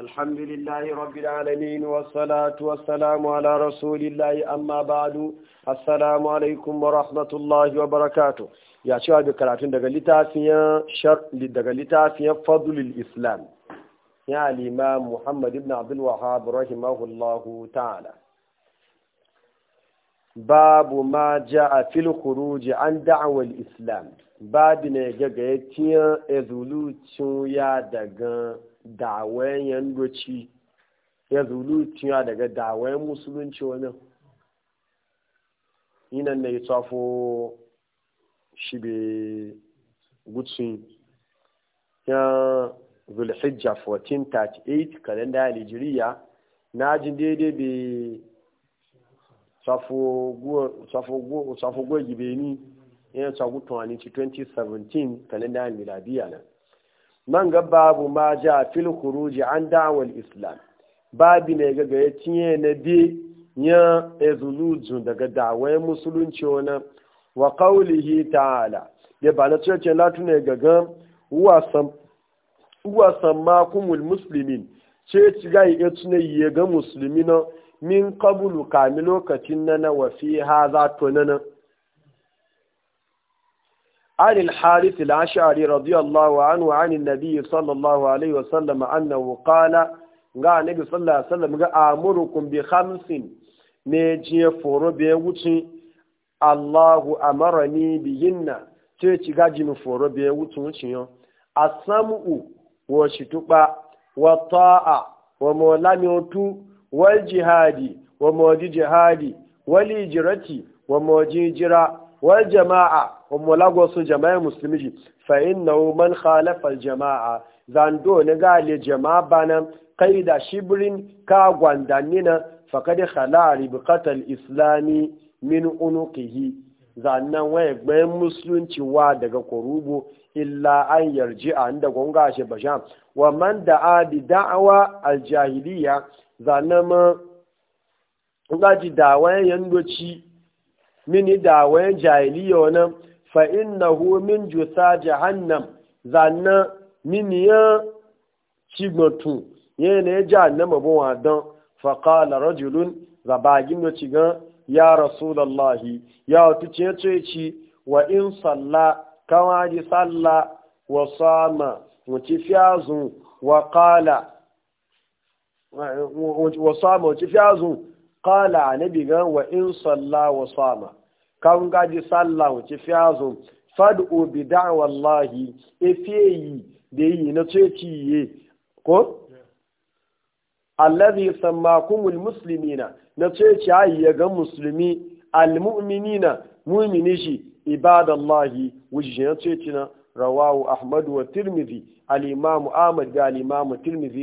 الحمد لله رب العالمين والصلاة والسلام على رسول الله أما بعد السلام عليكم ورحمة الله وبركاته يا شباب كراتين دقلتا فيها شر دقلتا فيها فضل الإسلام يا الإمام محمد بن عبد الوهاب رحمه الله تعالى باب ما جاء في الخروج عن دعوة الإسلام باب نجاقيتين إذولوتين يا دقان dawayen yandoci ya zulu tiya daga dawayen musulunci wani yinan na yi tsafo shi be gutsun ya zulhijja 1438 kalenda nigeria na jin daidai be tsafo gwaji beni yana tsagutuwa ci 2017 kalenda miladiya nan man ga babu ma ja fil khuruji an da'wal islam babu ne ga ga yace na bi ya daga dawai musulunci wani wa qawlihi ta'ala da ba na cece latu ne ga ga huwa sammakumul muslimin ce ci ga ya tuna yi ga min qablu ka mi lokacin nana wa fi hadha tunana عن الحارث الأشعري رضي الله عنه عن النبي صلى الله عليه وسلم أنه قال ga nabi sallallahu ga amurukum bi khamsin ne je foro be wuce Allahu amarani bi yinna ce ci gaji mu foro be wuce wuce yo asamu wa shituba wa wa otu wal jihadi wa mawdi jihadi wal wa mawji jira war jama'a wa mulago su jama'a musulmi ji fa innahu man khalafa al jama'a zando ne ga le jama'a banan qaida shibrin ka gwandannina faqad khala ribqat al islami min unuqihi zannan waye musulunci wa daga korubo illa an yarji a inda gonga shi bashan wa man da'a bi da'awa al jahiliya zannan ma ngaji dawayen yandoci mini da wayan jahiliya wani fa innahu min jusa jahannam zanna mini ya cigbatu yana ya jahannama bin wadon fa qala rajulun zabagin da cigan ya rasu rasulallahi ya wata ce ce ci wa in salla kama ji salla wa sama wuci fiyazun wa qala wa sama wuci fiyazun qala anabi gan wa in salla wa sama kawun gaji sallah wace fi fad'u bi da'wallahi efeyi da yi na ceci ye ko allazi sammakumul muslimina na ceci ayi ya ga musulmi almu'minina mu'mini shi ibadallahi wujin ceci na rawawu ahmadu wa tirmidhi al-imam ahmad ga al-imam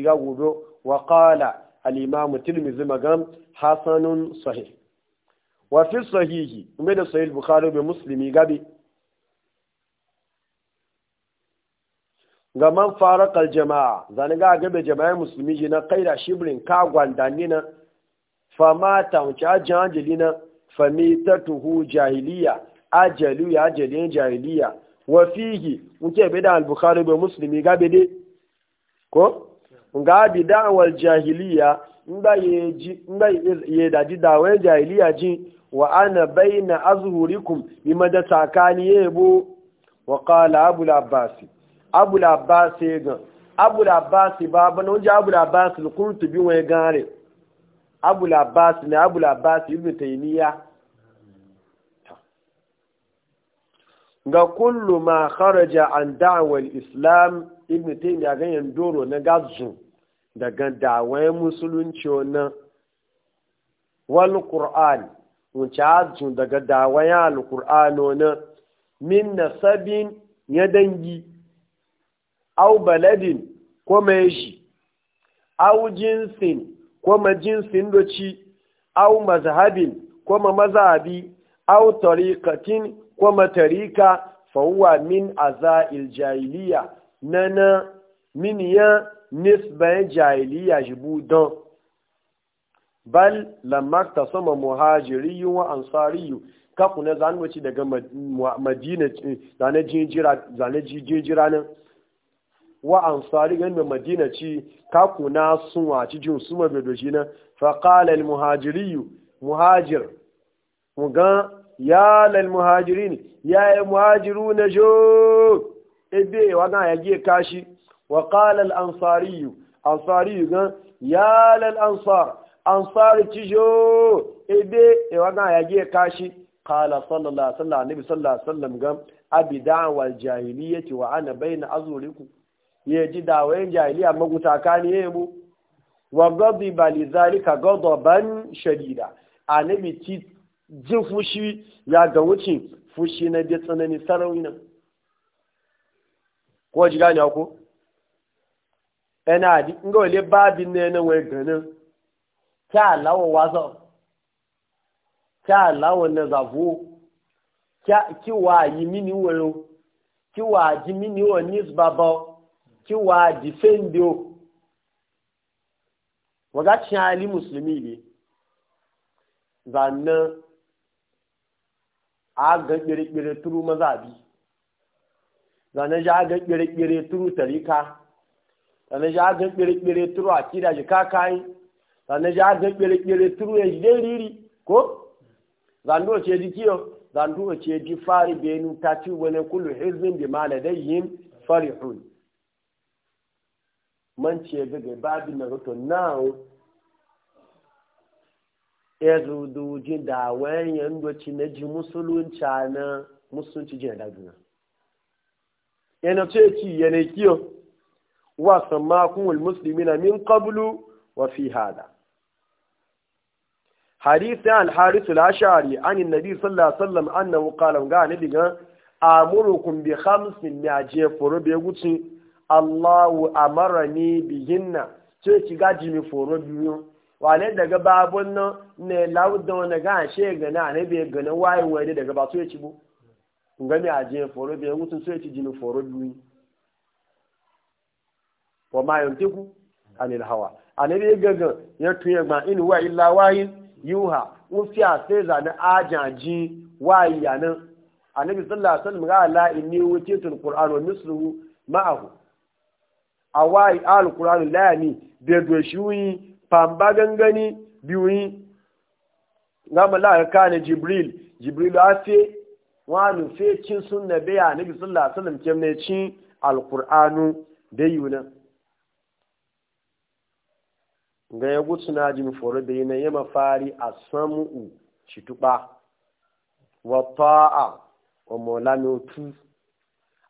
ga gobe wa qala al-imam tirmidhi hasanun sahih Wafi sahihi kuma da sahih bukhari bai muslimi gabi ga man farakal jama'a zane ga gabe jama'a musulmi ji na kaida shibrin ka gwandani na fama ta wuce ajin na fami ta tuhu jahiliya ajalu ya ajalin jahiliya wa fihi wuce bai da al bai musulmi gabe ne, ko ga bi da'awar jahiliya in ba ya daji dawon jahiliya ji wa ana bayna azhurikum bima da tsakani yebo wa qala abul abbas abul abbas ga abul abbas baba no ja abul abbas al-qurtubi wa gare abul abbas ne abul abbas ibn taymiya ga kullu ma kharaja an da'wal islam ibn taymiya ga yan doro na gazu daga dawai musulunci wannan wal qur'ani wuce daga dawaya alkur'ano na min nasabin ya dangi au baladin ko mai shi au jinsin ko ma jinsin doci au mazhabin ko ma mazhabi au tariqatin ko ma tarika fa huwa min azail jahiliya nana min ya nisba jahiliya jibudan bal lamar ta sama muhajiriyu wa ansariyu kaku na zanwaci daga madina eh, zane jinjira nan wa ansari gan da madina ci kaku na sun waci jin su ma doshi nan al muhajiriyu muhajir muga ya lal muhajirin ne ya yi muhajiru na jo ebe wa ga ya giye kashi wa al ansariyu ansariyu ga ya lal ansar An ansari cijo ebe ewaga yage kashi qala sallallahu alaihi wasallam annabi sallallahu alaihi wasallam gam abida wal jahiliyyati wa ana baina azuriku ye ji dawayen jahiliya maguta kani ye mu wa ghadiba li zalika ghadaban shadida annabi ci jin fushi ya ga wuce fushi na da tsanani sarauni nan ko ji gane ko ina di ngole babin ne na wai ganin kya alawo wazo kya alawo na zago kya kiwa yi mini wero kiwa ji mini o nisbabo kiwa defend yo waga cin ali musulmi ne zannan a ga kirkire turu mazabi zannan ja ga kirkire turu tarika zannan ja ga kirkire turu a akida jikakayi sannan shi har zan kere turu ya jide riri ko zanduwa ce ji kiyo zanduwa ce ji fari benu ta ci wani kullu hizbin bi fari hun? man ce daga babu na ruto now ezu duji da ndo doci na ji musulunci na musulunci jin na. duna yana ce ci yana kiyo wa sammakun musulmi na min kabulu wa fi hada حديث ya al-harith al-ashari an annabi sallallahu alaihi wasallam annahu qala ga ne diga amurukum bi khamsin الله je بهن be guci من amarani bihinna daga babun nan ne laudan na ga she ga na ne be ga na wani daga ba so ya ci bu ngami aje foro be guci so ya ci jini foro biyu wa ma yantiku anil hawa anabi gaga ya tuye ma inu wa illa wahin yuha un fiya sai zane ajaji wa yanan annabi sallallahu alaihi wasallam ga la inni tul qur'an wa misluhu ma'ahu awai qur'an la yani de do shuyi pamba gangani biwi ngama la kana jibril jibril afi wa nu fe cin sunna be annabi sallallahu alaihi wasallam kemne cin qur'anu da yunan ga ya gutsu na jin foro da yi na yi mafari a samu shi tuba wa ta'a wa maulami otu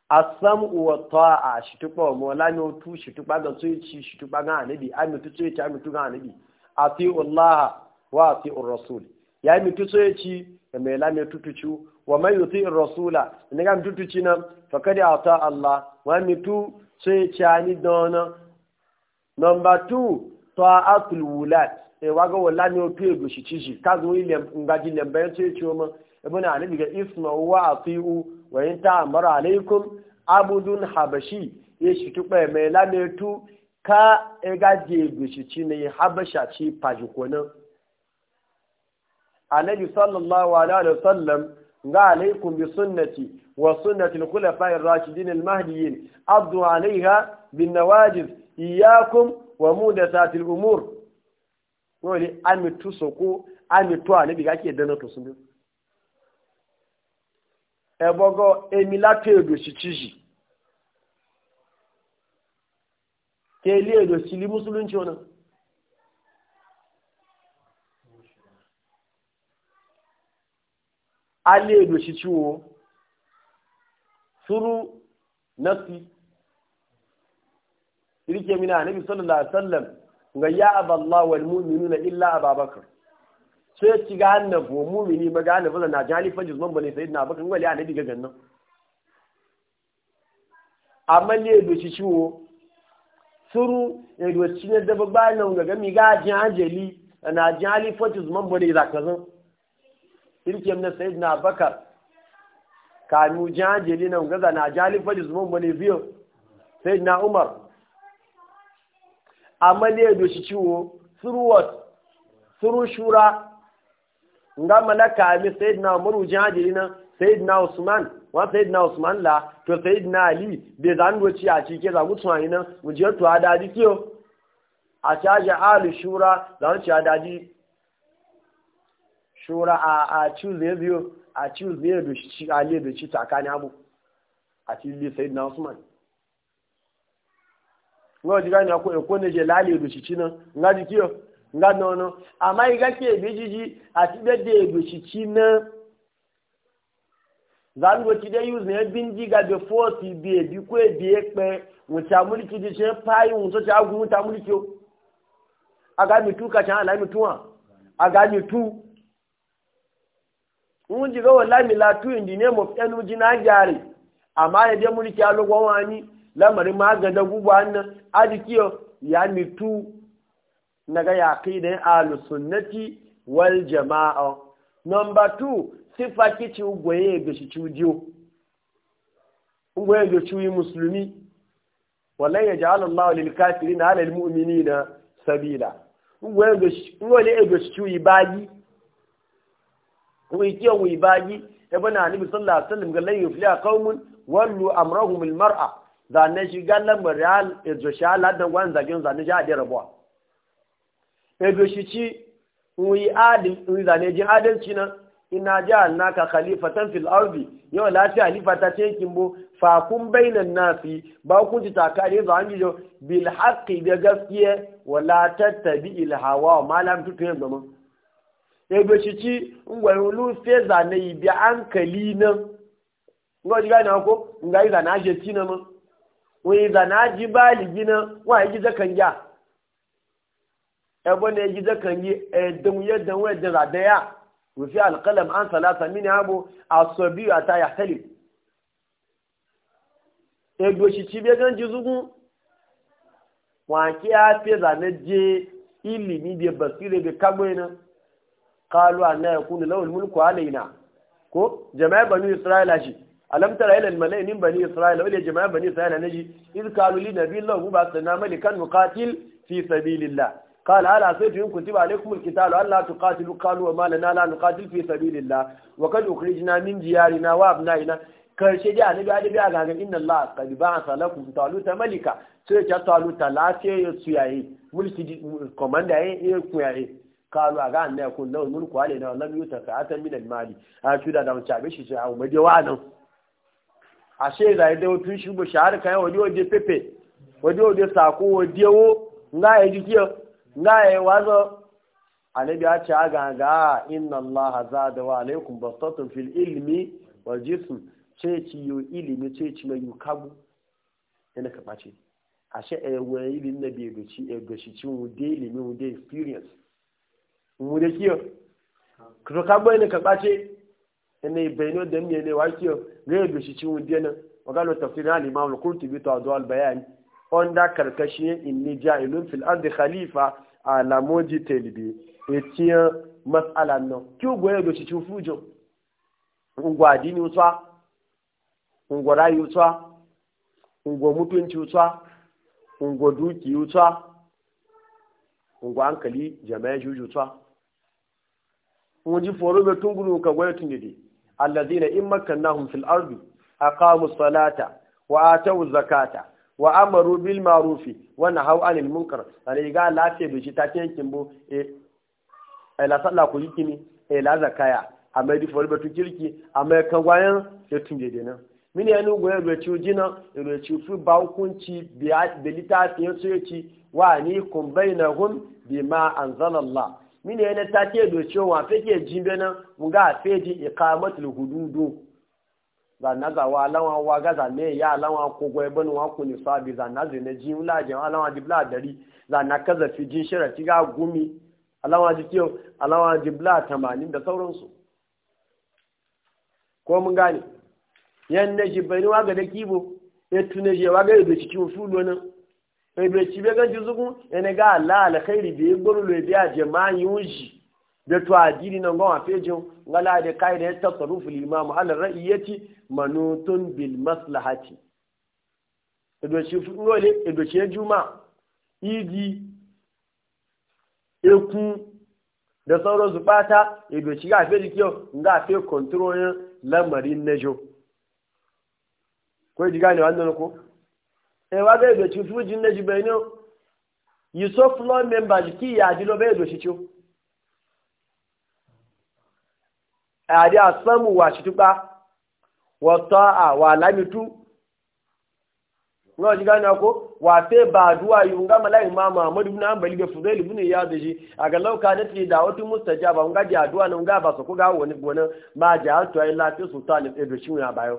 a samu wa ta'a shi tuba wa maulami otu shi tuba ga tsoyici shi tuba ga anabi a mutu ci a mutu ga anabi a fi ullaha wa a fi rasul ya yi mutu ci da mai lami tutucu wa mai yuti rasula ne ga tutuci nan fa kada ta Allah wa mutu a ani dona number two ta'atul wulat sai eh, waga wala ni ofe go shi chiji ka zo ile ngaji lemba ya ce ciwo ma ibn ali ga isma wa atiu wa in amara alaikum abudun habashi ya shi tukpe mai lame tu ka e gaje go shi chi ne habasha ci pajukona annabi sallallahu alaihi sallam ga alaikum bi sunnati wa sunnati al-khulafa'ir rashidin al-mahdiyyin abdu alaiha bin nawajiz iyakum wa muda da satil umur wani amitu soko amitu a nabi kake dana to sun ebogo emilato edo shichiji kele edo sili musulunci ona ale edo shichiwo suru nasi rike mina annabi sallallahu alaihi wasallam ga ya aballahu wal mu'minuna illa ababakar sai ci ga annabi mu'mini ba ga annabi na jali fa juzman bane na abakar wali annabi ga gannan amma le do shi ciwo suru e do shi ne da babba nan ga mi ga jin na jali fa juzman bane zakazan rike mina sayyidina abakar kanu jajeli nan gaza na jali fa juzman bane biyo sayyidina umar amaliya da shi ciwo through what through shura nga malaka ami sayyidina umar jihadi na sayyidina usman wa na usman la to na ali be zan doci a cike za mu tunani nan mu je to adaji kiyo a caje alu shura za mu ci adaji shura a a choose zero a choose zero do shi ali do shi takani abu a cikin li na usman nga jiga ni ko ko ne je lali do chichi na nga di kiyo nga no no ama iga ke bijiji ati be de do chichi na zan go ti de use ne bin jiga de 40 bi e bi ko e bi e pe mo cha muli ki di che pai un so cha gun ta muli kyo aga mi tu ka cha ala mi tuwa aga mi tu un jiga wallahi mi la tu indi ne mo enu jina jari ama ne de muli ki alogo wani lamarin magada guba nan adikiyo ya mitu na ga yaƙi da alusunnati wal jama'a number 2 sifa kici ugwaye ga shi cujiyo ugwaye ga cuyi musulmi wallan ya ja'ala Allah lil kafirin ala al mu'minina sabila ugwaye ga shi ugwaye ga shi cuyi bayi ugwaye ga bayi ibn ali sallallahu alaihi wasallam ga lan yufliha qaumun wallu amrahum al mar'a zane shi gallan real ezo shi aladan gwan zagin zane shi adi rabuwa ezo shi ci nwi adi zane jin adalci nan ina ji annaka khalifatan fil arzi yau lati halifata ce kimbo fa fakun bainan nasi ba ku ji takare za an gijo bil haqqi da gaskiya wala tattabi il hawa malam tutu yin zaman ezo shi ci ngwai lu sai zane yi bi ankali nan ngo ji gane ko ngai zane ajiye ci mu. wai za na ji bali gina wa yi gida kan e ya ebe ne gida kan yi edun yadda wa za ya rufi alkalam an salata mini abu a so biyu a ta ya tali e shi ci gan ji zugun wa ki ya fi za na je ilimi da basire da kagbo ina kalu na ya kunu lawal mulku alaina ko jama'a banu isra'ila shi alam tara ila almalai min bani isra'ila wal jama'a bani isra'ila naji iz qalu li nabiyillah ba sanna malikan nuqatil fi sabilillah قال على سيف إن كتب عليكم القتال ألا wa قالوا وما لنا nuqatil fi sabilillah wa qad ukhrijna min diyarina wa abnaina karshe da annabi ya dabi a gagan inna Allah qad ba'atha lakum taluta malika sai ta taluta lafiya ya suyaye mulki komanda ya ya kuyaye kalu a ga annabi kun lawu mulku alai na lam yuta sa'atan min al-mali a shuda da mun chabe shi sai a umar da wa'anan ashe za a dawo tun shi shahara shahar kayan waje waje pepe waje waje sako waje wo na ya ji kiyo na ya wazo na biya ce ga a inna allaha zada wa alaikun bastatun fil ilimi wa jisun ce ci yi ilimi ce ci mai yukagu yana ka a ashe e wa ilimi na biya gaci eh, a doci ci mu de ilimi mu de experience mu de kiyo kuma ka bai ne ka bace yi bayno da ne ne wa kiyo gaya e da shi cin dena magana tafsirin al-imam al-qurtubi to adwa al-bayan onda karkashi inni ja'ilun fil ardi khalifa a moji telibi etia mas'ala no ki o gaya e da shi cikin fujo ngwa adini utwa ngwa rayi utwa ngwa mutunci utwa ngwa duki utwa ngwa hankali jama'a juju utwa ngwa ji foro be tunguru ka gwaya tungidi allazina in makkannahum fil ardi aqamu salata wa atu zakata wa amaru bil ma'rufi wa nahaw anil munkar sai ga lafiya bi ta cikin bo e la sallah ku yikini e la zakaya amma di fori batu kirki amma kan gwayan da tunje de nan mini yanu goye be ci jina re ci fu ba hukunci da litafiyan su yaci wa ni kun bainahum bima anzalallah mini e na ta ke doce wa ke jimbe nan mu ga ji iqamatul hududu za na ga wa lawa wa ga za me ya lawa ko goy bani wa ku ni sabi za na ne ji la je lawa dibla dari za na kaza fi jin shara ti ga gumi alawa ji kiyo alawa ji 80 da sauransu ko mun gane yan ne ji bani wa ga da kibo ya tune wa ga da cikin fulu nan ebe ci be ganji zugun ene ga Allah alkhairi be gboro le bi aje ma yuji da to adini nan gon afejo ngala de da ya tarufu lil imam al ra'iyati manutun bil maslahati edo ci ngole edo ci e juma idi eku da sauran su bata edo ci ga fe ga nga fe control lamarin nejo ko diga ne wannan ko ẹwà bẹ́ẹ̀ dòtí fújì ní ẹjùbẹ̀ ní yusuf flood members kí ìyá àdìlọ bẹ́ẹ̀ dòtí tí ó àdí àsánmù wà ṣìtúpa wọ̀tọ́ àwà lámìtú wọ́n ti gánà kó wà fẹ́ bá àdúwà yìí ga malayi mama amadu bin ambali ga fudai libin ya da shi a ga lauka da ce da wata mustaja ba ga ji àdúwà nan ga ba su ko ga wani gona ma ji har tuwa yi lafiya sultan ibn shi ya bayo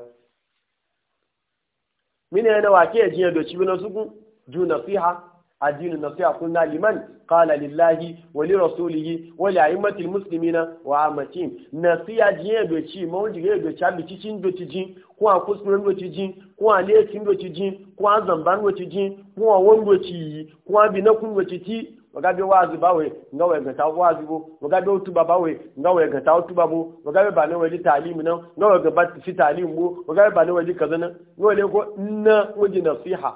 mini yana wake jiya doci wani suku ju nasiha addinin nasiha kunna liman qala lillahi wa li rasulihi wa li a'immatil muslimina wa ammatin nasiha jiya doci ma wani jiya doci abi cicin doci jin ko a kuskuren doci jin ko a lekin doci jin ko a zamban doci jin ko a wani doci ko a binakun doci ti wagabe wazi bawe nga we gata wazi bo wagabe utuba bawe nga we gata utuba bo wagabe ba ne waje talimi nan nga we gaba ci talim bo wagabe ba ne waje kaza na nga wale ko na waje nasiha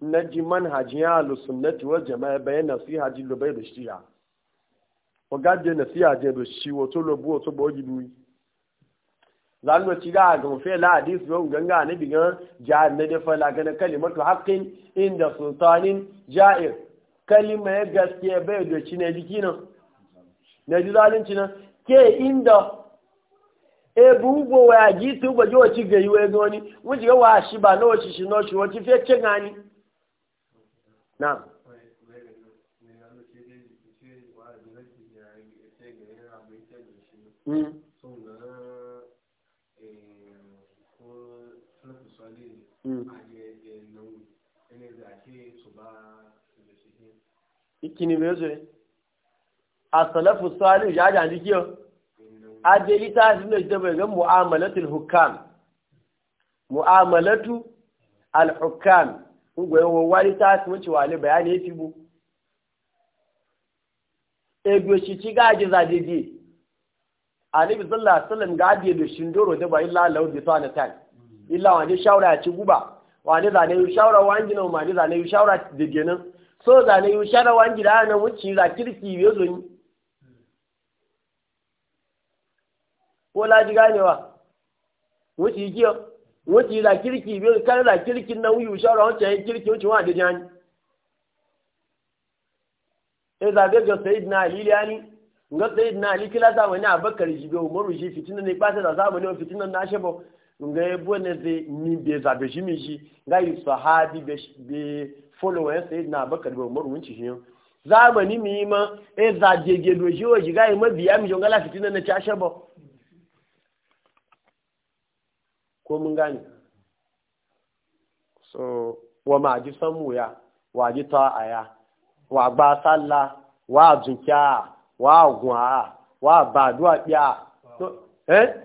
na ji manhajin ya alu sunnati wal jama'a bayan nasiha ji lo bai da shiya wagabe nasiha je do shi wato lo bu wato bo gidu zanu ci ga ga mu fela hadis yo ganga ne diga ja ne da fala ga kalimatu haqqin inda sultanin ja'ir kalima ya gaskiya bai doci na jiki nan na ji zalunci nan ke inda e bugo wa ya ji tu ba jiwa ci gayi wa zo ni mun ji wa shi ba na wace shi na shi wace fe ce gani na Mm. hmm ìkíni méjì asalafu salihu ya jà ní kíọ adéyí tá a ti lè jẹ́ bẹ̀rẹ̀ mu'amalatu al-hukam mu'amalatu al-hukam ngwe wo wari tá a ti mú ciwa lè bayani ya fi bu egbe shi ci gaji zadidi anabi sallallahu alaihi wasallam ga adiye da shindoro da bai lalau da tsana tan illa wani shawara ya ci guba Wa wani zane yi shawara wani gina wani zane yi shawara da genin so ne yi shara wangi da ana wuce za kirki biyo zo ni ko laji ganewa wuce kiyo wuce za kirki biyo kan za kirkin na wuyu shara wancan yin kirki wuce wa da ni? e zabe ga sayid na ali ni ga sayid na ali kila ne a bakar jibe umaru shi fitinan ne ba ta da zamani fitinan na shebo nga ebo ne ze mi be za be jimi ji nga yi sahabi be be follower sai na bakar be umar wunci shi zamani mi ma e za jege do ji o ji ga yi mabiya mi jonga la fitina na cha shabo ko mun gani so wa ma ji samu ya wa ji ta aya wa gba salla wa junkiya wa gwa wa ba duwa biya eh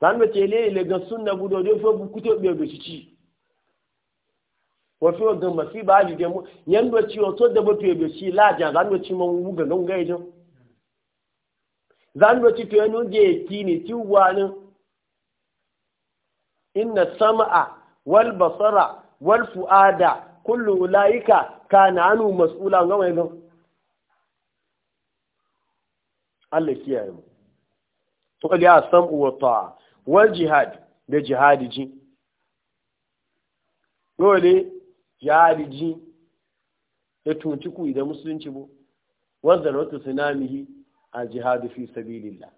sanwe tele ile gan sunna budo do fo kuto be ci ci wa fi gan ma fi ba de mu yan do ci o to de bo pe be ci la jan gan do ci mo wu gan non gai jo zan do ci to no de ki ni ti wa no inna sam'a wal basara wal fuada kullu ulaika kana anu mas'ula gan wai gan Allah kiyaye mu to ali asam wa ta'a wal jihad da jihadi ji dole jihadi ji ya tunci ku idan musulunci bu wanda rautu a jihadu fi sabilillah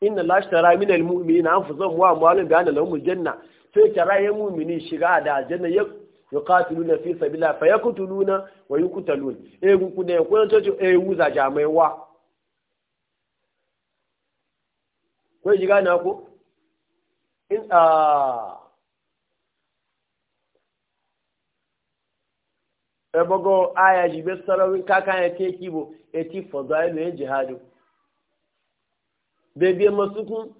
inna la ashtara min almu'minina anfusahum wa amwalahum bi anna lahum aljanna sai tara ya mu'mini shiga da aljanna ya yuqatiluna fi sabilillah fayaqtuluna wa yuqtalun e ku ne ko to e eh, wuza jamai wa ko ji gane ko in a ebogo aya ji be sarawin kaka ya ke kibo eti fadailu ya e jihadu bebe masukun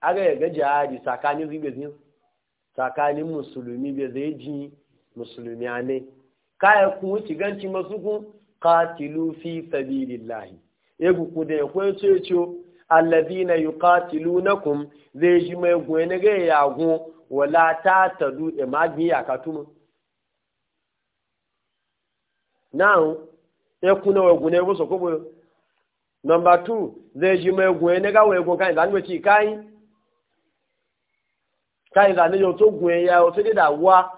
aga ya ga e jihadi tsakanin zibezin tsakanin musulmi be zai e ji musulmi ne kaya kun wuce ganci masukun qatilu fi sabilillahi egu ku da ya kwayo alladhina yuqatilunakum zai ji mai gwene ga yagun wala ta tadu e magi ya katuma now e kuna wa gune bo sokobo number 2 zai ji mai gwene ga wego kan dan wati kai kai da ne yo to gwen ya o se da wa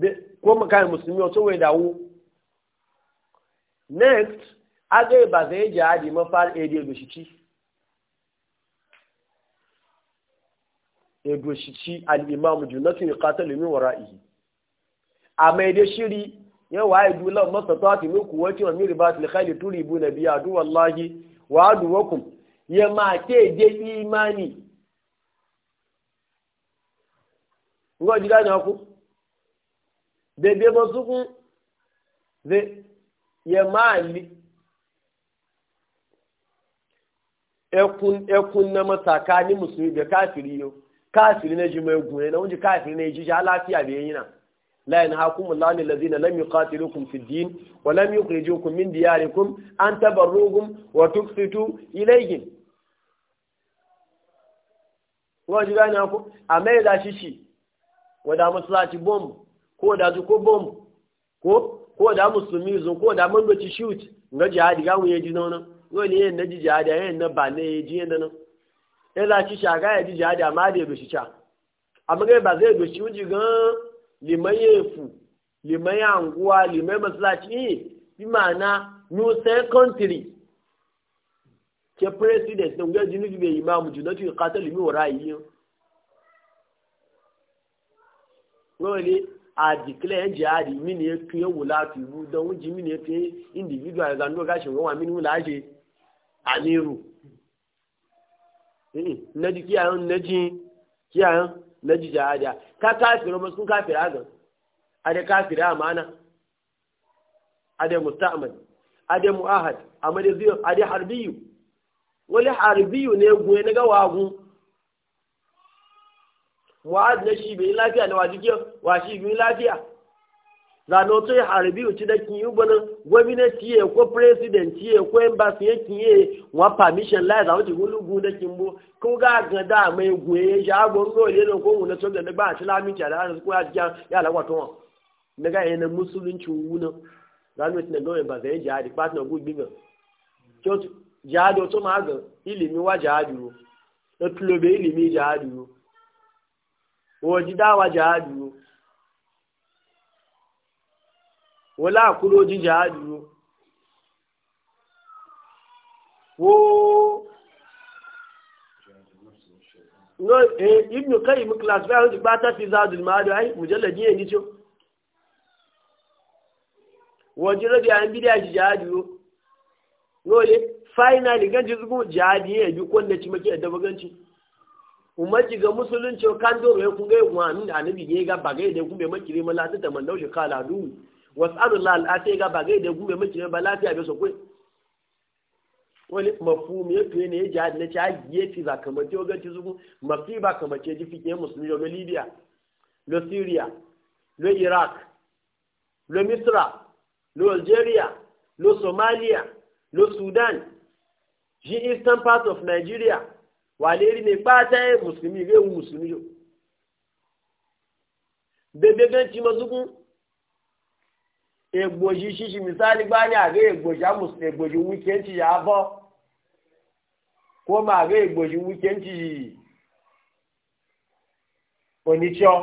be ko kai muslimi o to we da wu next agai ba zai jihadi mafar edo doshici edo shici al'imamu junatun ya katalu min wara'ihi a mai da shiri yawa ya dulan masa ta fi muku wace wa miri ba su likhali turi bu na biya du wallahi wa aduwakum ya ma ke je imani ngo jira na ku bebe ba su ku zai ya ma ekun na masaka ni musulmi da kafiri yau, kafiri na jima gune na wunji kafiri na jiji lafiya da na, layin la yanhaakum Allahu lil ladzina lam yuqatilukum fid din wa lam yukhrijukum min diyarikum an taba tabarruhum wa tuqsitu ilayhim wajin gane ku a mai da shi shi wada masalaci bomb ko da zu ko bomb ko da musulmi zo ko da mandoci shoot ga jihadi ga mu yaji nan wani yin na jijada yin na ba na yaji yin nan ya za ci shaga ya jijada ma da ya doshi ca amma kai ba zai doshi wuji gan liman yefu liman ya anguwa liman masalaci yi bi ma'ana new country ke president ɗin gajin nufi bai imamu juna ya kata limi wa ra'ayi wani a declare jihadi mini ya fiye wula tubu don wuji mini ya fiye individual ga nuna gashin gawa mini wula ashe amiru na ji kiyayen na ji kiyayen ka kafiro ọmọ sun kafira ga adé kafira amana ade musta'mal ade mu'ahad amade ziyo ade harbiyu wani harbiyu ne goye na gawagun mu'ahad na shi bai lafiya wa zano to ya haribi uci da kin yi bana kwo ya president ya ko embassy ya kin nwa wa permission la za wuce gulugu da kin bo ko ga ga da egwu goye ya go go le no ko na to ga ba shi lamin da ko ya ya la wato ne ga yana musulunci wuna ga ba na ja di partner go gbin ko ja do to ma wa ja duro ja duro wo ji ja duro wala kuro jinja hajjuro wo no eh ibnu qayyim class ba hujja ba ta fi zadul ma'ad ai mujalladi ne nicho wajiro bi an bidiya ji hajjuro no le finally ganji zugu jadi ne bi kon da ci make da baganci umarci ga musulunci kan doro ya kunga ya kuma amin annabi ne ga bagai da kuma makire mala ta tamandaushe kala duhu Wasu wasalullah al'ashe ga ba gai da gube mace ba lafiya bai sokwai wani mafumi ya fiye ne ya jihadi na ci agiye fi za kamace wa ganci zuku mafi ba kamace ji fiye musulmi ga libya lo syria lo iraq lo misra lo algeria lo somalia lo sudan ji eastern part of nigeria waleri ne fata ya musulmi ga yawon musulmi yau bebe ganci mazugun egboji ṣíṣe misali gbá ní àgé egboji amùsùn egboji wíkẹ́ ti yà á bọ́ kó ma àgé egboji wíkẹ́ ti oníṣọ́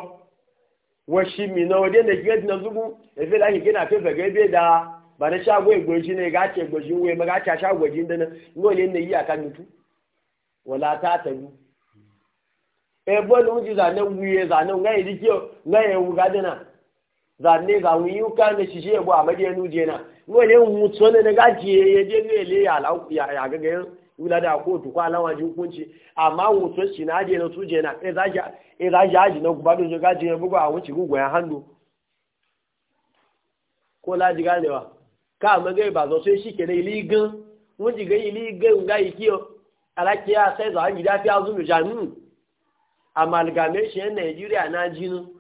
wọ́n ṣí mi náà ọdẹ nàìjíríà ti náà dúkú èfé láyé kí náà fẹ́fẹ́ gẹ́gẹ́ dáa bàdé ṣáàgó egboji ne ìgá àti egboji wúwe mẹ́gá àti aṣáàgó èjì ń dáná ní òye zanne ga mu ka ne shi shi a madiya nuje na ngo ne mu tsone ne gaji ye je ne le ya la ya ya ga ga wula da ko to kwa lawa ji hukunci amma mu to shi na je na tuje e na e zaja e ji gubado je gaji ye bugo a wuci gugu ya handu ko la ji ka ma ga ba zo sai shi ke mu ji ga ga za na jinu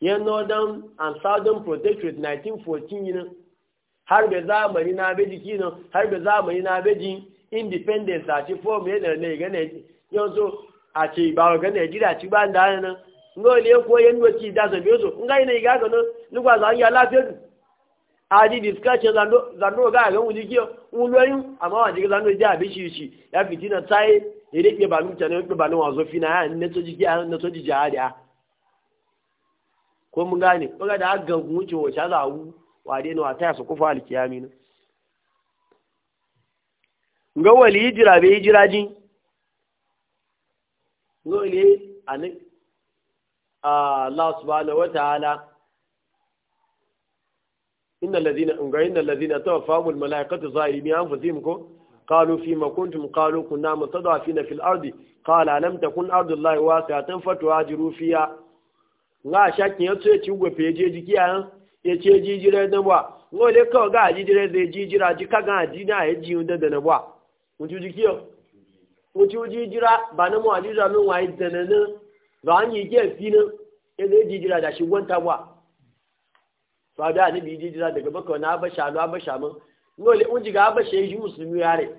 ya northern and southern protectorate 1914 yana har bai zamani na beji kino har bai zamani na beji independence a ci form yana ne ga ne yanzu a ce ba ga Nigeria ci ba da nan ngo le ko yan waki da zabe so ngai ne ga ga no za ya lafiya a ji discussion zando zando ga ga wuri kiyo amma wa ji ja bi shi shi ya fitina tai ire ke ba mutane ke ba fina ya ne to jiki ne to ko mun gane baka da aga wuce wace za wu wade ne ta su kufa alkiyami ne ga wali hijira bai hijira jin ga wali anin Allah subhanahu wataala inna allazina unga inna allazina tawaffahum almalaikatu zahirina anfusihim ko قالوا فيما كنتم قالوا كنا مستضعفين في الأرض قال ألم تكن أرض الله واسعة فتهاجروا فيها nga shaki ya tsoye ci gwe feje jiki ya ya ce jijira da ba ngo le ko ga jijira da jijira ji ka ga ji na ya e ji da da ba mun ji jiki yo mun ji jijira ba na mu ajira nun wa da na na ba an yi ke fi na ya e da jijira da shi wanta ba ba da ni bi jijira daga baka na ba sha lo ba sha mun ngo le mun ji ga ba shi e ji musulmi yare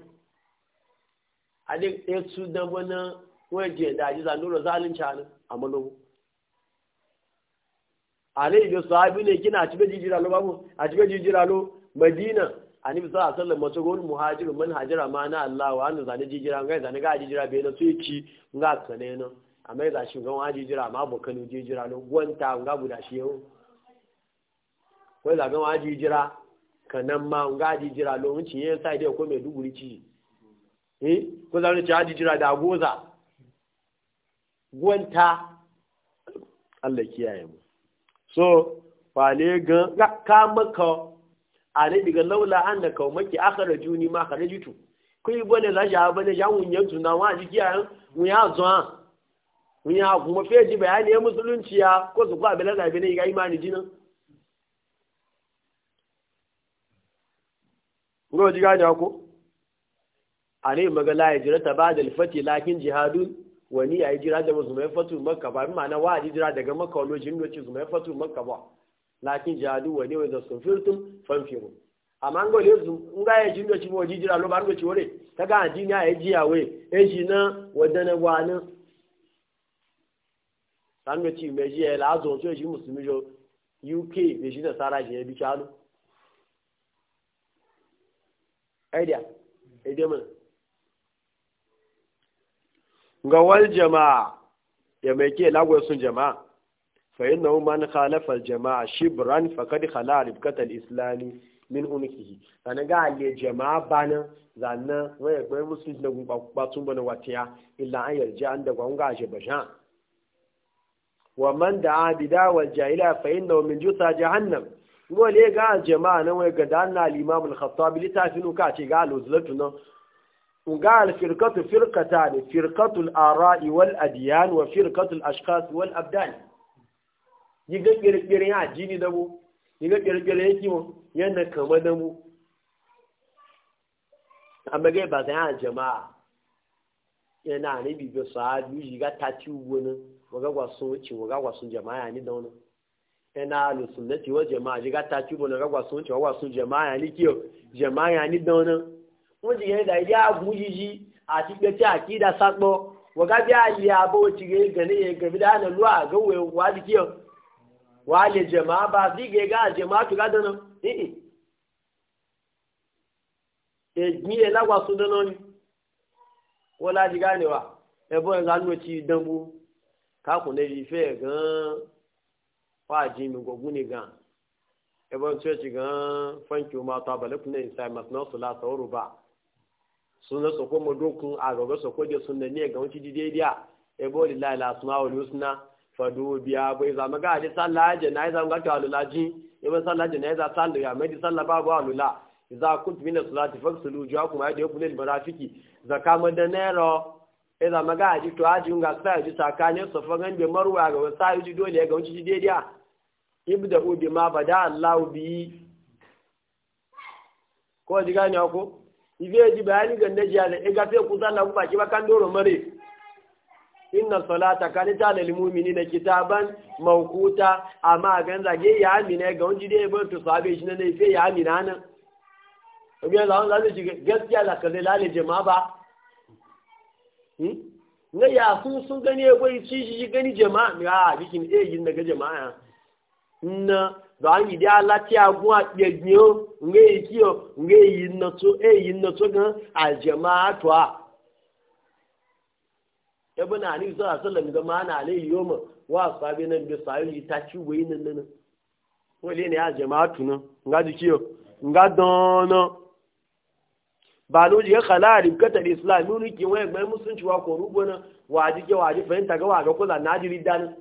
a dai ya su da wannan wajen da ajira nura zalunci a nan a malobo alayhi da sahabi ne kina a cibe jijira lo babu a cibe jijira lo madina annabi sa a wasallam mace gol muhajiru man hajira ma na Allah wa an zane jijira ngai zane ga jijira be na sai ci nga kane na amma za shi ga wa jijira ma bo kanu jijira lo gwanta nga buda shi yau ko za ga wa jijira kanan ma nga jijira lo mun ci yin sai dai ko mai duguri ci eh ko za ni ci jijira da goza gwanta Allah kiyaye mu so fale gan ka maka ale diga laula an da kawo maki aka da ni ma aka rajitu kai bane za shi abane ja mun yanzu tuna wa jiki an mun ya zo an mun ya kuma feji bayani ya musulunci ya ko su kwa bela zabe ne ga imani jinan ngo jiga ja ko ale magala ya jirata ba da alfati lakin jihadun wani ya yi jira da wasu mai fatu makka ba ma'ana na ji jira daga makka wani jin lokaci su mai fatu makka ba lakin jihadu wani wani da sun firtun fanfiru amma an gole su in ga ya jin lokaci ba jira lo ba lokaci wale ta ga addini ya yi jiya we ya ji na wadana wani san lokaci mai jiya ya lazo so ya ji musulmi jo uk mai shi da sara shi ya bi shanu. Idea, idea mana. ga wal jama'a ya mai ke lagos sun jama'a fa inna man khalafa al jama'a shibran faqad khala ribqat al islami min unkihi sana ga le jama'a bana zanna waya gbe musulmi na gumba ba tun bana watiya illa an yarje an da gonga a shebasha wa man da'a bidawal jahila fa inna min jusa jahannam wale ga jama'a nan waya ga danna al imam al khattabi litafinu ka ce ga al uzlatu nan ga alfirkatu firkata ne firkatul ara'i wal adiyan wa firkatul ashkas wal abdan yi ga kirkirin ajini da mu yi ga kirkirin yake mu yana kama da mu amma ga ba sai jama'a yana ne bibiyo sahabi yi ga tati wani waga gwasun wuce waga gwasun jama'a ni da wani yana alusunnati wa jama'a yi ga tati wani waga gwasun wuce waga gwasun jama'a ni kiyo jama'a ni da wani wọ́n ti yẹn dàí yá gùn yíyí àti pé tí àkídà sápọ̀ wọ̀gá bí àlè àbọ̀ ti gé gẹ̀lẹ́ yẹn dáná lọ́wọ́ àgọ́wé wàá di kíọ̀ wàá lè jẹ̀mọ́ abá bí gẹ̀gá àjẹmọ́ àtúgá dáná ẹ̀gbìn yẹn lágbàsó dáná ni wọ́n láti gá níwà ẹ̀bọ́n ẹ̀ lánàá ti dánwó kákùnrin yìí gan tí ó ti gan-an fọ́nkì ó máa tọ́ náà sọ láti ọ̀rọ̀ báà. suna soko dokun a gaba soko da suna ne ga wancin didaidiya ebo lillahi la asma wa husna fado biya bai za maga hadi sallah haje na za ngata alulaji ibn sallah haje na za sallah ya mai sallah babu alula idza kuntum min salati faghsilu wujuhakum hadi yakun marafiki zaka ma da madanero idan maga haji to haji nga sai ji sakane so fangan be marwa ga sai ji dole ga wuci didaidiya ibda ubi ma bada Allah bi ko ji gane ko ibe ji bayani ga e na jiya da iga sai kusa na kuma kiba kan doro mare inna salata kan ta lil mu'minina kitaban mawquta amma gan zage ya amina e ga unji dai ba to sabe shi ne sai ya amina nan obi Allah zan ji gaskiya da kalle lale jama'a ba hmm ne ya sun sun gani ya gwai ci shi gani jama'a a bikin eh yin daga jama'a na zan yi da lati agun agbegbe o nge yi ki o nge yi nno to e yi nno to gan aljama'a to a ibn ali sallallahu alaihi wasallam ga mana alai yoma wa sabi nan bi sayi ta ci na nan nan wale ne aljama'a to nan nga ji ki o nga dono baloji ya khala ribkata islam yuni ki wai mai musunci wa ko rubona waji ke waji fahimta ga waga kula na jiri dan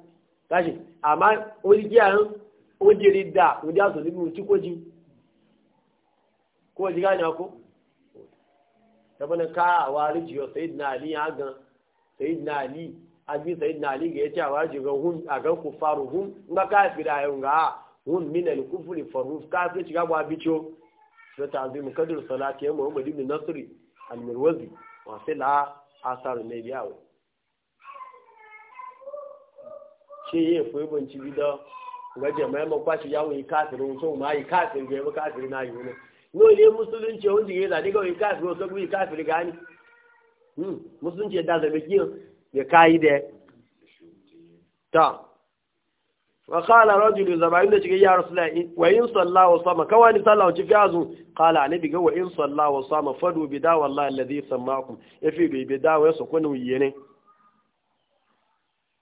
kashi amma wani kiyayen tí kò jí o jí káyọ̀ kó tẹ́fọ́nà ká àwa àríjìyọ sayid náà ní àgàn sayid náà ní sayid náà ní gẹ̀ẹ́tì àwa àríjìyọ hun àgàn faru hun ńgbà káàfin àyẹ̀wò ńgà hun mínà kúfúrì faru káàfin ti gbàgbọ́ abíjọ́ sọ́tà àzìmù kádùrù sọ́lá mọ̀ ọmọdé mi ga jama'a ma kwashi yawo yi kafirin so ma yi kafirin ga yi kafirin na yi wani no ne musulunci wanda hmm, ya zaɗi ga yi kafirin so yi kafirin gani musulunci da zaɓe kiyan ya kayi da ta wa kala rajulu zaba'in da cikin yaro suna wa in salla wa sama kawai ni salla wace fiyazu kala a bi ga wa in salla wa sama fadu bi da wallahi alladhi sammakum yafi bi bi da wa yasukunu yene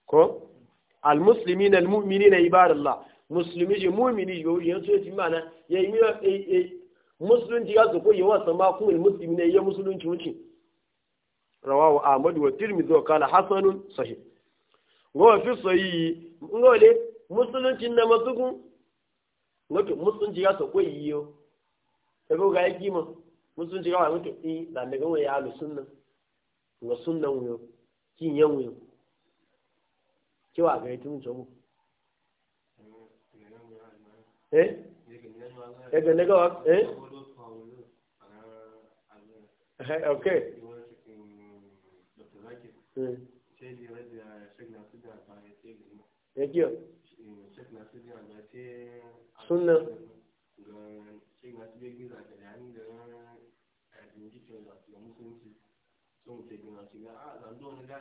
ko almuslimi na almumini na ibarallah musulmi ji mumini yau yanzu ya mana ya yi musulunci ya zuko yi wasa ma kuma musulmi ne ya musulunci wuce wa tirmidhi wa hasanun sahih fi ngole musulunci na masukun wato musulunci ya zuko yi yo ta ga ya kima musulunci ga wato i da kí wàá gẹ̀rẹ́ tí ń Eh? mọ́. ẹgbẹ́ nígbà Eh. ok. ẹ hmm. eh, kí A eh, jọ eh,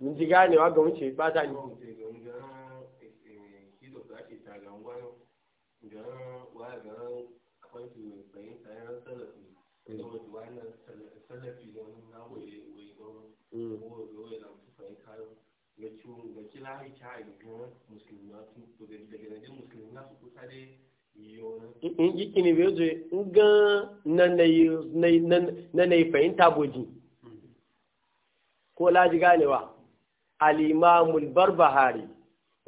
mun ji ganewa ga wuce ba ta ne eh, Mm. ga ciwon ga kila aisha a yankin musulmi na tun daga nan musulmi na su kusa dai in yi kini bai zai gan na na yi fahimta boji ko laji ganewa al'imamul barbahari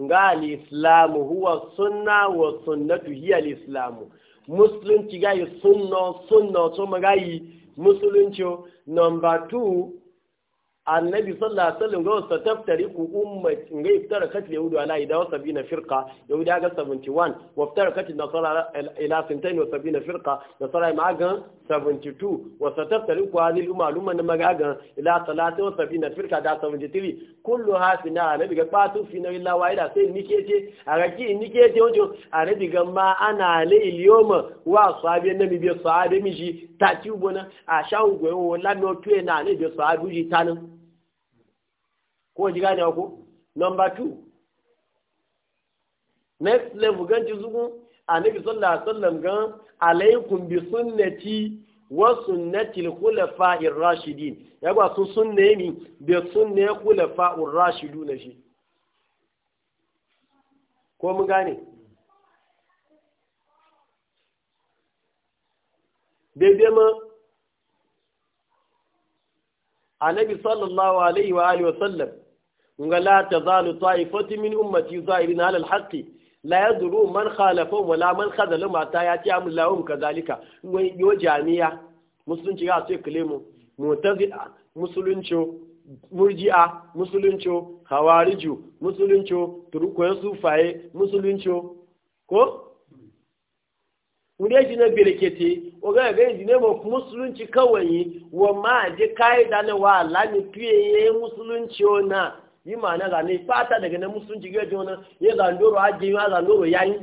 ga al'islamu huwa sunna wa sunnatu hiya al'islamu musulunci gayi sunna sunna sun magayi musulunci number two annabi sallallahu alaihi wasallam ga wasa taftari ku ummati ngai iftara kat yahudu ala ida wa sabina firqa yahuda ga 71 wa iftara kat nasara ila 72 firqa nasara ma ga 72 wa sataftari ku hadhihi umma lumma na magaga ila 73 firqa da 73 kullu hasina annabi ga patu fina illa waida sai nikece a raki nikece wajo annabi ga ma ana layil yoma wa sahabi annabi bi sahabi miji tati ubona a shawo goyo la no tuena ne bi sahabi ji tanin ko ji gane ku number 2 next level ganci zugu annabi sallallahu alaihi wasallam gan alaikum bi sunnati wa sunnati al ar rashidin yagwa su sunne ni da sunne khulafa'ur rashidun shi ko mun gane daidai ma annabi sallallahu alaihi wa alihi wasallam nga la zalu ta'ifatu min ummati zairin ala alhaqi la yadru man khalafahum wala man khadala ma ta yati tiya mulahum kazalika wai yo jami'a musulunci ga sai kilemu mu'tazila musulunci murji'a musulunci hawariju musulunci turko sufaye musulunci ko kureji na birkete o ga yi mo musulunci kawai wa ma je kai da na wa ni tuye musulunci ona yi ma'ana zane fata daga na musulunci gaji wani ya zandoro hajji ya zandoro yi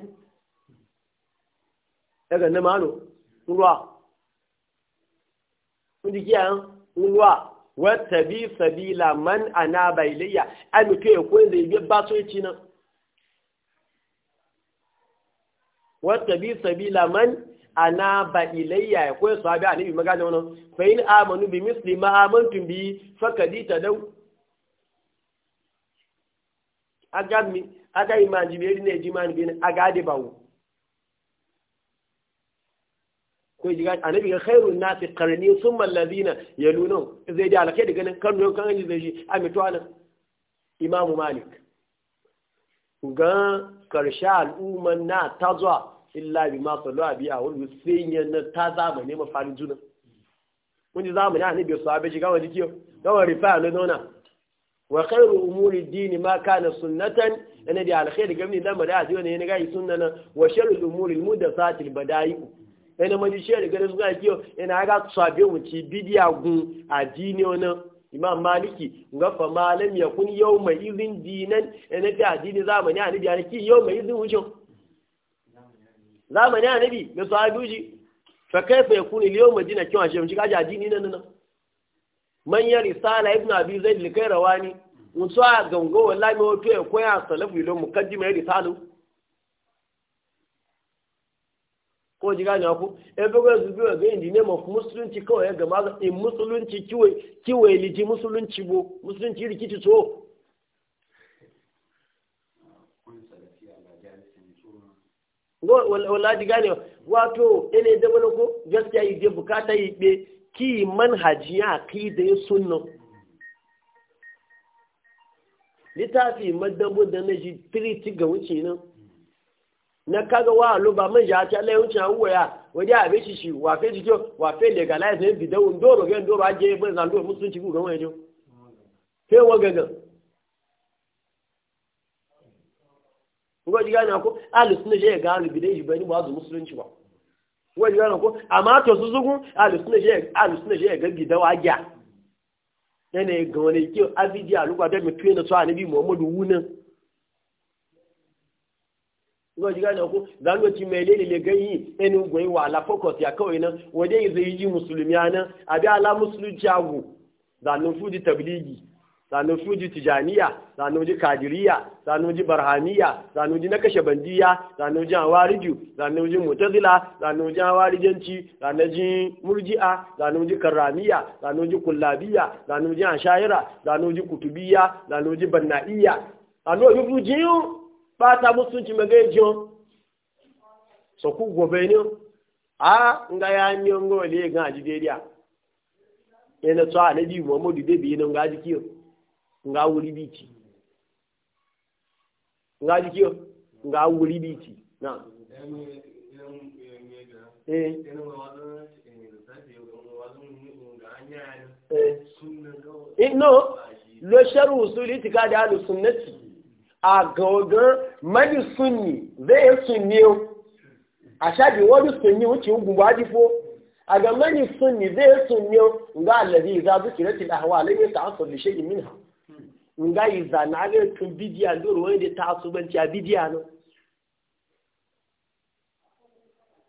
daga na mano ruwa kun ji kiyayen ruwa wata bi sabila man ana bailiya a mutu ya kuwa da yi ba ya ci nan wata bi sabila man ana ilayya ya koyi sabi a nabi magajin wani fa in amanu bi misli ma amantum bi fakadi dau? aga mi aga imanji bi eri na eji mani bi aga ade bawo ko ji ga anabi ga khairun nasi qarni thumma alladhina yaluna zai da alake daga nan kan kan ji zai ji ami to anan imamu malik ga karsha al'umma na tazwa illa bi ma sallu abi a wani sinyan na ta ne mafarin juna kun ji zamani anabi sahabe ji ga wani kiyo ga wani rifa na nona wa khairu umuri dini ma kana sunnatan ina da alkhairi gamni lamma da ajiyo ne ga sunnana wa sharru umuri mudasatil badai mun ji shari ga su ga kiyo ina ga tsabe ci bidiya gun addini wannan imam maliki nga fa malam yakun yawma izin dinan ina da addini zamani annabi ya ki yawma izin wucin zamani annabi da sahabuji fa kaifa yakun al yawma dinan kiyo shi ga addini nan nan manyan risala ibn abi zaid likai rawani so a gango wallahi mai wato ya koya salafu ilo mukaddi mai risalu ko ji gani ku e eh, bugo su biyo ga indi ne ma musulunci kawai ya gama in eh, musulunci kiwe kiwe liji musulunci bo musulunci rikici so wallahi gani wato ene da ko gaskiya yi bukata yi be ki manhaji ya da ya suna littafi madabu da na ji tiriti ga wuce nan na kaga wa aluba ba man ya ta lai wuce awuwa ya waje a bishi shi wa fe jike wa fe legalize ne bidawun doro ga doro aje ban zan musulunci ku ga wani jo fe wa gaga ngo ji na ko alu sunna je ga alu bidai ji bani ba zu musulunci ba wọ́n yọ ẹranko àmọ́ àtọ̀ sunsunkun alùsùnlẹ̀ṣẹ̀ ẹ̀gẹ́gìdá wa jà ẹnì gan ni kí avidi alùpàdẹ́mi tún ẹ̀nà tó à níbi muhammadu wú náà. wọ́n ti gánà kó ti mẹ́lẹ́ lè gẹ́ yìí ẹni ogun ìwà àlàfọ́kọ̀tì àkọ́wé náà wọ́n dé ìzẹ́yìí mùsùlùmí àná àbí alámùsùlùmí jágò zanufudi tabiligi. sanu suji tijaniya sanu ji kadiriya sanu ji barhamiya sanu ji nakashe bandiya sanu ji awariju sanu ji mutazila sanu ji awarijanci sanu ji murji'a sanu ji karramiya sanu ji kullabiya sanu ji ashaira sanu ji kutubiya sanu ji banna'iya sanu ji fujiyu ba ta musunci magajiyo so ku gobe ne a nga ya nyongo le ga ji dedia ene to mo muhammadu debi ne nga ji kiyo nga wuri bi ci, nga jiki nga wuri bi ci na eh. Eh. eh eh no lo sharu usuli tika da alu sunnati a gangan mali sunni zai sunni a shabi wani sunni wuce ugun ba jifo a ga mani sunni zai e sunni Nga allazi za zukirar tilahwa lai ya ta'asar da shagin minha nga yi za na aga tun bidiya ndoro wani da ta asubanci a bidiya no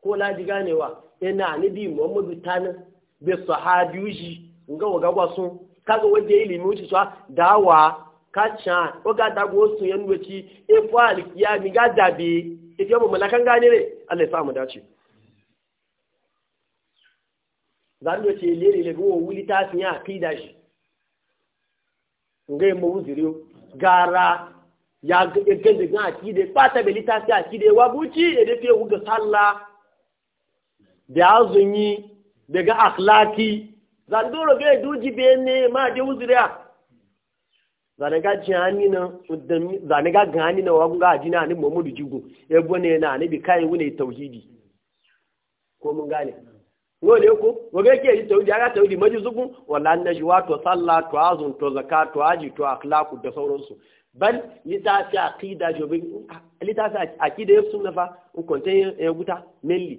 ko laji ganewa ina ni bi muhammadu tanin bai sahabiyu shi nga waga gwasun kaga wanda ya ilimi wuce cewa dawa kacha oga dago su yan wuci ifo alkiya mi ga dabe ife mu malakan gane ne Allah ya sa mu dace zan wuce lere le go wuli ta sinya da shi ngai mu uziriyo gara ya ga da ga akide pata belita sai akide wa buci da dai wuga sallah da azunyi daga akhlaki zandoro ga duji be ne ma je uziriya zanaga jihani na udami zanaga gani na wagun ga ajina ni Muhammadu jigo ebo ne na ni bi kai wune tauhidi ko mun gane wole ko wage ke yi tawdi aga tawdi maji zugun wala najwa to salla to azun to zakat to aji to akhlaqu da sauransu bal litafi aqida jobe litafi aqida yasu na fa un contain e guta melli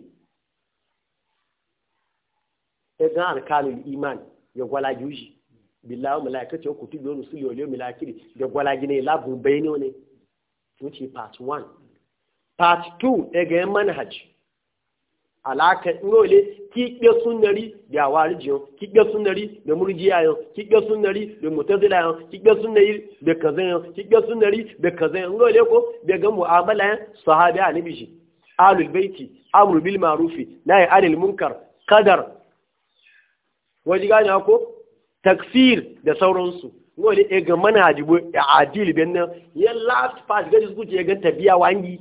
e ga iman ya gwala juji billahi malaikati ko tibi no sulu yo milakiri ya gwala gine labun bayni ne which is part 1 part e ga manhaj alaka ki gbe sunnari da ki gbe sunnari da ki gbe sunnari da ki gbe sunnari da ki gbe sunnari da kazayon ngole ko da ga mu'amala sahabi anabi ji alul baiti amru bil ma'rufi nahi anil munkar qadar waji ga na ko takfir da sauran sauransu ngole e ga manajibo adil benna ya last pass ga diskuti ya ga tabiya wangi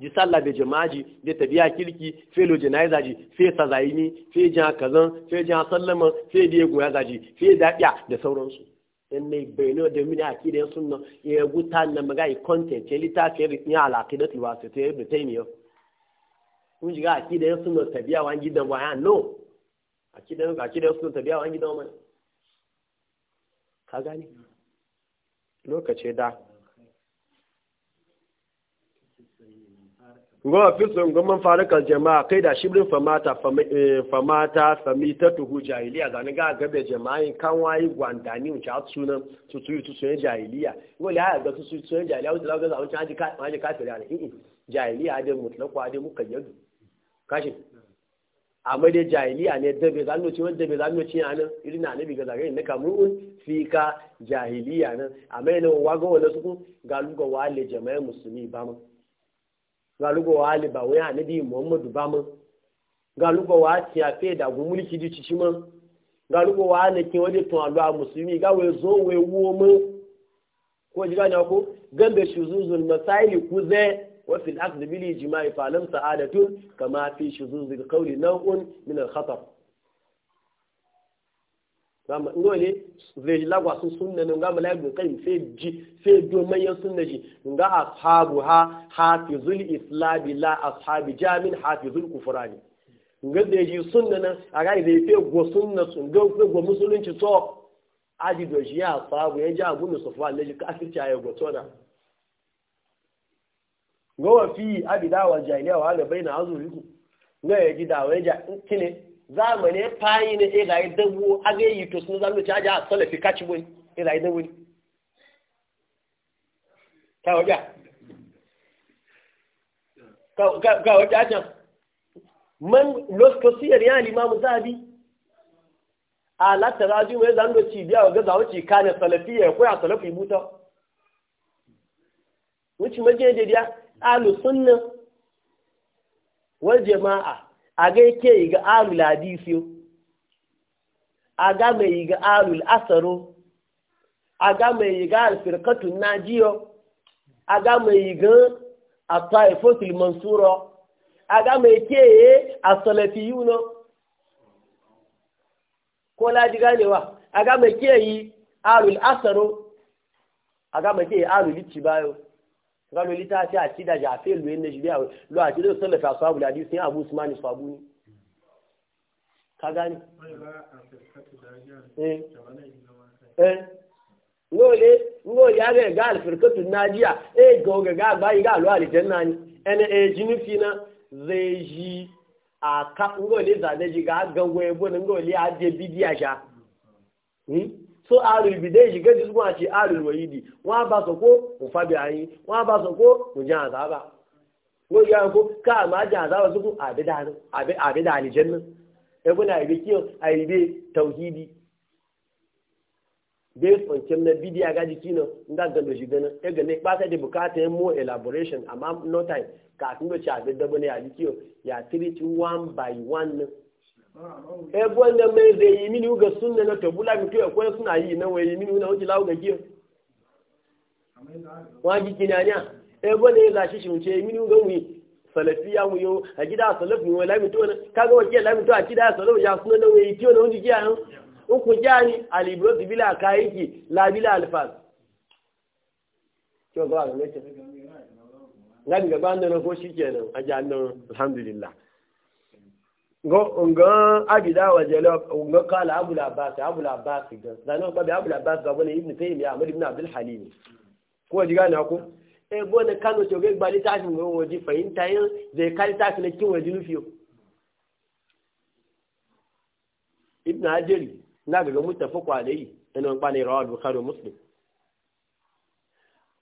ji salla be jama'aji da tabiya kirki fe lo janaiza ji fe sazaini fe jan kazan fe jan sallama fe da goya zaji fe daɗiya da sauransu in mai bayyana da mini a kidan sunna ya guta na magai content ya littafin rikin alaqidat alwasita ibn taymiyah kun shiga a kidan sunna tabiya wa gidan wa no a kidan a sunna tabiya wa gidan wa ka gani lokaci da fiso ngoma goma farukar jama'a kai da shibirin famata e, famata famita tuhu jahiliya zane ga gabe jama'in e, kan wayi e, gwandani wuce a sunan tutuyi tutuyen jahiliya le haya ga tutuyen jahiliya wuce lagos a wuce ka kafira ne in jahiliya dai mutlaku a dai muka yadu kashi amma dai jahiliya ne dabe zanu ci wanda be zanno ci anan irin na nabi ga zagaye na fi fika jahiliya nan amma wa ga wala su ga lugawa le jama'a musulmi ba mu galugo wa ba wa anabi muhammadu bama galugo wa ti ape da gun mulki di ci mo galugo wa ne kin wode ton alu muslimi ga we zo we wo ko jiga nya ko gambe shuzuzul masaili kuze wa fil aqd bil ijma'i fa lam sa'adatun kama fi shuzuzil qawli naw'un min al khatar gama ngole zai lagwa sun sunna nan gama lagu kai sai ji sai do manyan sunna ji nga ashabu ha hafizul islam la ashabi jamin hafizul kufrani nga zai ji sunna nan a ga zai fe go sunna sun ga fe go musulunci to aji do ji ashabu ya ja gunu sufa allahi kafirci ya go to na gowa fi abida wal jahiliya wa ala baina azuriku nga ya ji da wa ja kine zamane fayi ne e gayi dabu ga yi to sun zamu ci aja salafi kaci boy e gayi dabu ni ka waja ka ka a can? man los kosiyar ya limamu zabi lati raju mai zango ci biya ga zawo ci ka ne salafi ya salafi buta wuce maje da dia alu sunna wal jama'a aga ike ga alul hadisi aga mai iga alul asaro aga mai iga alfirkatun najiyo aga mai iga ataifotul mansura aga mai keye asalafiyuno ko laji ganewa aga mai keyi e alul asaro aga mai keyi e alul ichibayo gano littafi a ci da jafe luwe na shi biya lo a ci da a su abu da hadisi ya abu usmani su abu ne ka gani eh eh ngole ngole ya ga ga alfirkatu najiya eh ga ga bayi ga lo aljanna ni ene eh jinifi na zai ji a ka ngole za da ji ga gangwe bo ngole a je bidiya sha hmm so arìl bìdẹ́ ìṣìgẹ́ ti súnmọ́ àti arìl wọ̀nyí di wọ́n á bá sọ pé kò fàbí àyín wọ́n á bá sọ pé kò jẹ́ àzába wọ́n yára kó káà máa àzába sókún àbẹ́dà àlìjẹ́ náà ẹgbẹ́ náà àìbẹ́ kí àìbẹ́ tàwíìdì based on kem na bidi aga jiki no nga gando shi dana e gane kpata de mo elaboration amma no time ka kun ya one by one ebe na mai zai mini ga sunna na tabula mutu ya kwai suna yi na wai mini na wuce lawo ga giyo wa ji kinanya ebe ne ya nche shimce mini ga mu salafiya mu yo a gida salaf mu wala mutu na kaga wa kiyan mutu a gida salaf ya suna na wai tiyo na wuce kiyan in ku jani alibro bila kayiki la bila alfas kyo ga ga ne ce ga ga ban da na ko shikenan a jannan alhamdulillah ngan abida wa jalab ngan kala abu labas abu labas gan zanu ba abu labas ga bane ibnu tayyib ya amr ibn abdul halim ko ji gane ko e bone kano to ge gbali ta shin wo ji fahimta yin zai kali ta shin kin waji nufi ibn ajali na ga ga mutafaqu alayhi ina ba ne rawal bukhari muslim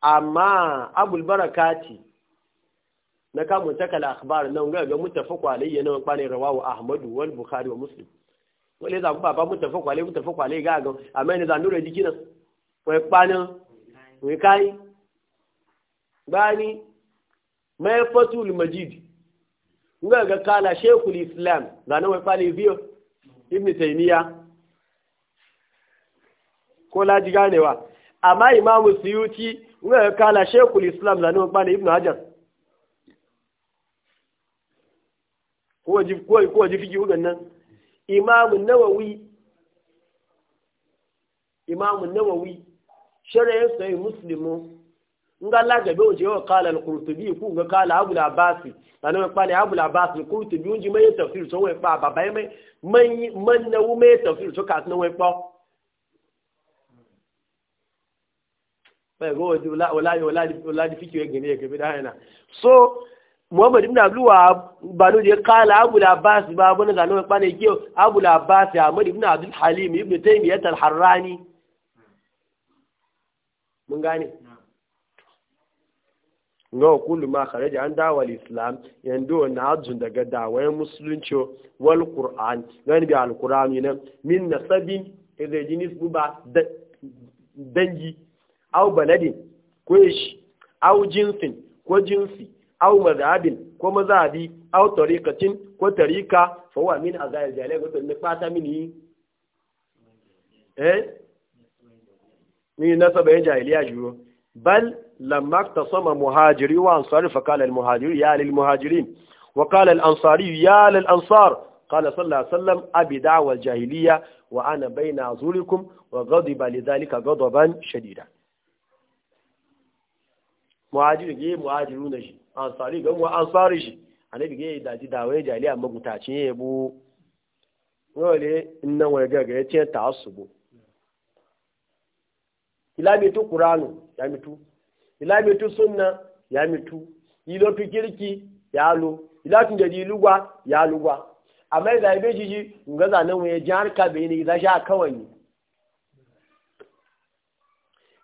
amma abul barakati na kamun takal akhbar nan ga ga mutafaqu alayhi nan rawa rawahu ahmad wal bukhari wa muslim wale za ku baba mutafaqu alayhi mutafaqu alayhi ga ga amma ne za nure jiki nan ko kwani ko kai bani mai fatul majid ga ga kala shaykhul islam ga nan wai kwani biyo ibn taymiya ko laji ganewa amma imamu suyuti ga ga kala shaykhul islam ga nan kwani ibn hajar ko waje fiki waɗannan imamun nawawi imamun nawawi shari'in sai muslimu nga lagabe wa kala al-qurtubi ku nga kala abu al-abbas ana pa abu al-abbas al mai tafsir so we pa baba mai man na wu mai tafsir so ka na we pa pe go di wala di la da so muhammad ibn abdulwa banu je kala abu labas ba bani zanu mai kwana kiyo abu labas ahmad ibn abdul halim ibn taymiyyah al harrani mun gane no kullu ma kharaja an dawa islam yanzu wannan ajun daga dawayen musulunci wal qur'an gani bi al quran nan min nasabin idza jinis buba dangi au baladin ko shi au jinsin ko jinsi أو مذهب أو مذهب أو طريقة أو طريقة فهو من أزاي الجالي قلت لك فاتا مني إيه؟ من نسبه جاهلية جو بل لما اقتصم مهاجري وأنصاري فقال المهاجري يا للمهاجرين وقال الأنصاري يا للأنصار قال صلى الله عليه وسلم أبي دعوة الجاهلية وأنا بين عزولكم وغضب لذلك غضبا شديدا مهاجرين جي مهاجرون جي ansari ga wa ansari shi annabi ga yi daji da ya jali amma gutacin ya yabo wale inna wa ga ga yace ta asubu ila mitu qur'anu ya mitu ila mitu sunna ya mitu ilo tu kirki ya lu ila tun jadi lugwa ya lugwa amma da ibe jiji nga zanan wa jihar ka bai ne za sha kawai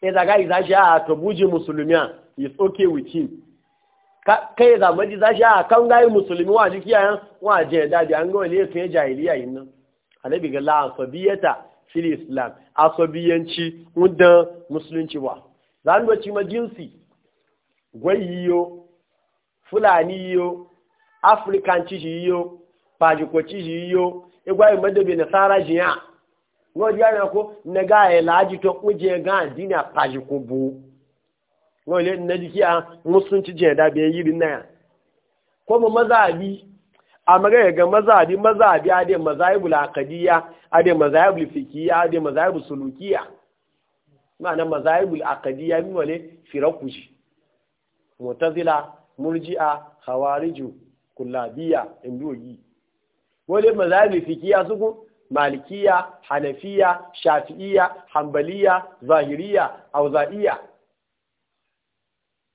ne daga iza sha to buji musulmiya is okay with him kai ga maji za shi a ah, kan gayi musulmi wa jiki yayin wa je da bi an ga wale ya jahiliya yin nan alabi ga la asabiyata fil islam asabiyanci mudan musulunci ba zan ma jinsi gwayiyo fulaniyo afrikanci yiyo pajikoci yiyo igwayi e madabi nasara jiya ngo jiya na ko na ga ya laji to kuje ga dina pajikubu wọ́n lè na jiki a musulunci jin da biyan yi naya. ko kuma mazabi a magana ga mazabi mazabi a dai mazahibul aqdiyya a dai mazahibul fiqhiyya a dai mazahibul sulukiyya ma'ana mazahibul aqdiyya mi wale firakushi mu'tazila murji'a khawariju kullabiyya indiyoyi wale mazahibul fiqhiyya su ku malikiya hanafiya shafi'iyya hanbaliyya zahiriya auza'iyya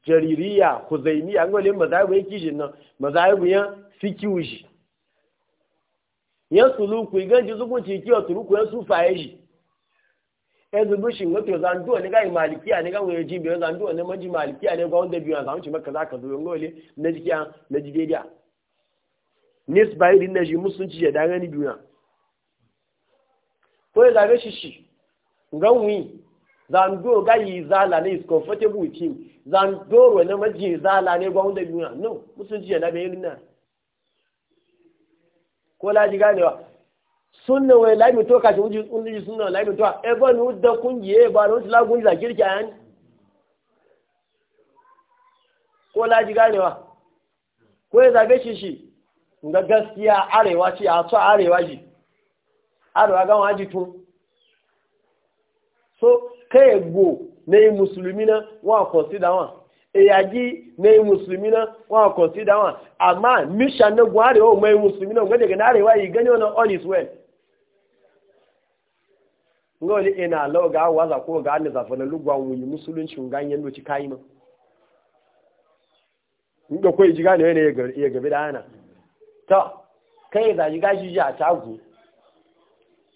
jaririya huzaimiya an gwale mazaibu ya kijin nan mazaibu ya fikiyu shi ya suluku igan ji zukun ci kiwa suluku ya su faye shi ya zubu shi wato zanduwa ni gai malikiya ni gan ya ji biyu zanduwa ni maji malikiya ne gwawon da biyu a zamanci maka za ka zo yin gole na jiki na ji daidai nisba yi na ji musulunci ya dangane biyu na ko ya zabe shi shi gan wi zando ga yi zala ne is comfortable with him zando wani maji zala ne gwa wanda biyu no musulunci yana na irin na ko laji ganewa sunna wai laimin to kashi wuji suna sunna laimin to ebe ni wudda kungiye ba na wasu lagunji da kirki a yani ko laji ganewa ko ya zabe shi shi ga gaskiya arewa ce a so arewa ji arewa gan waji tun so kaegbo na yi musulmi na wa consider wa eyaji na yi musulmi na wa consider wa amma mission na gwari o mai musulmi na gwada na arewa yi gani wani all is well ngoli ina lo ga waza ko ga ni zafa na lugwa wuyi musulunci ganyen doci kayi ma ndo ko ji gane ne ya gabe da ana to kai da ji gashi ji a tagu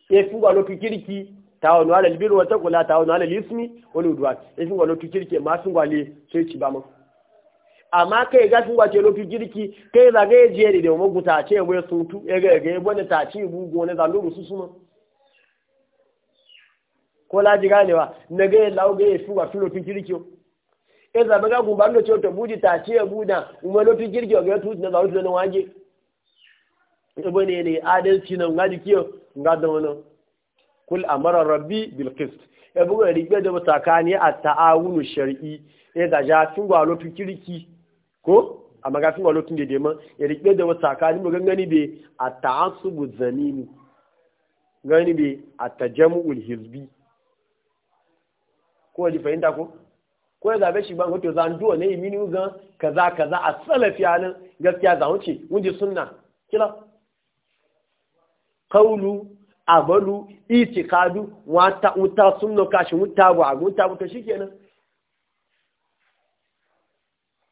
e fugalo kikiriki tawonu ala albiru wa taqwa tawonu ala alismi wal udwan isin walo tu kirke ma sun gwale sai ci ba mu amma kai ga sun gwace lo tu kirki kai za ga je da mu guta ce ya sun tu ya ga ga wani ta ci bu go ne za lu su suma ko la ji ganewa na ga lawo ga su wa filo tu kirki e za ga gun ba ce to buji ta ce buda mu lo tu kirki ga tu na za lu ne waje ibo ne ne adalci nan ga dikiyo ga da wannan kul amara rabbi bil qist e bu ga rigbe da mutakani at ta'awunu shar'i e da ja tun ga gwalo kiriki ko amma ga tun gwalo tun de dema e rigbe da mutakani mu gangani be at ta'asubu zanini gani be at tajammu'ul hizbi ko ji fahimta ko ko ya zabe shi ban wato zan duwa ne mini ga kaza kaza a salafiya nan gaskiya za wuce wunji sunna kila qawlu amalu itikadu wata wuta sunno kashi wuta bu a wuta wuta shikenan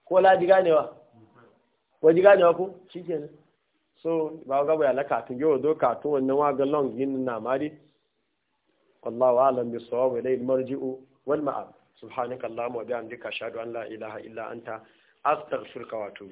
ko la ji ganewa ko ji ganewa ko shikenan so ba ga bai la tun yo do ka to wannan wa ga long yin na mari wallahu alam bi sawab ilay marji'u wal ma'ab allahumma wa bihamdika ashhadu an la ilaha illa anta astaghfiruka wa atubu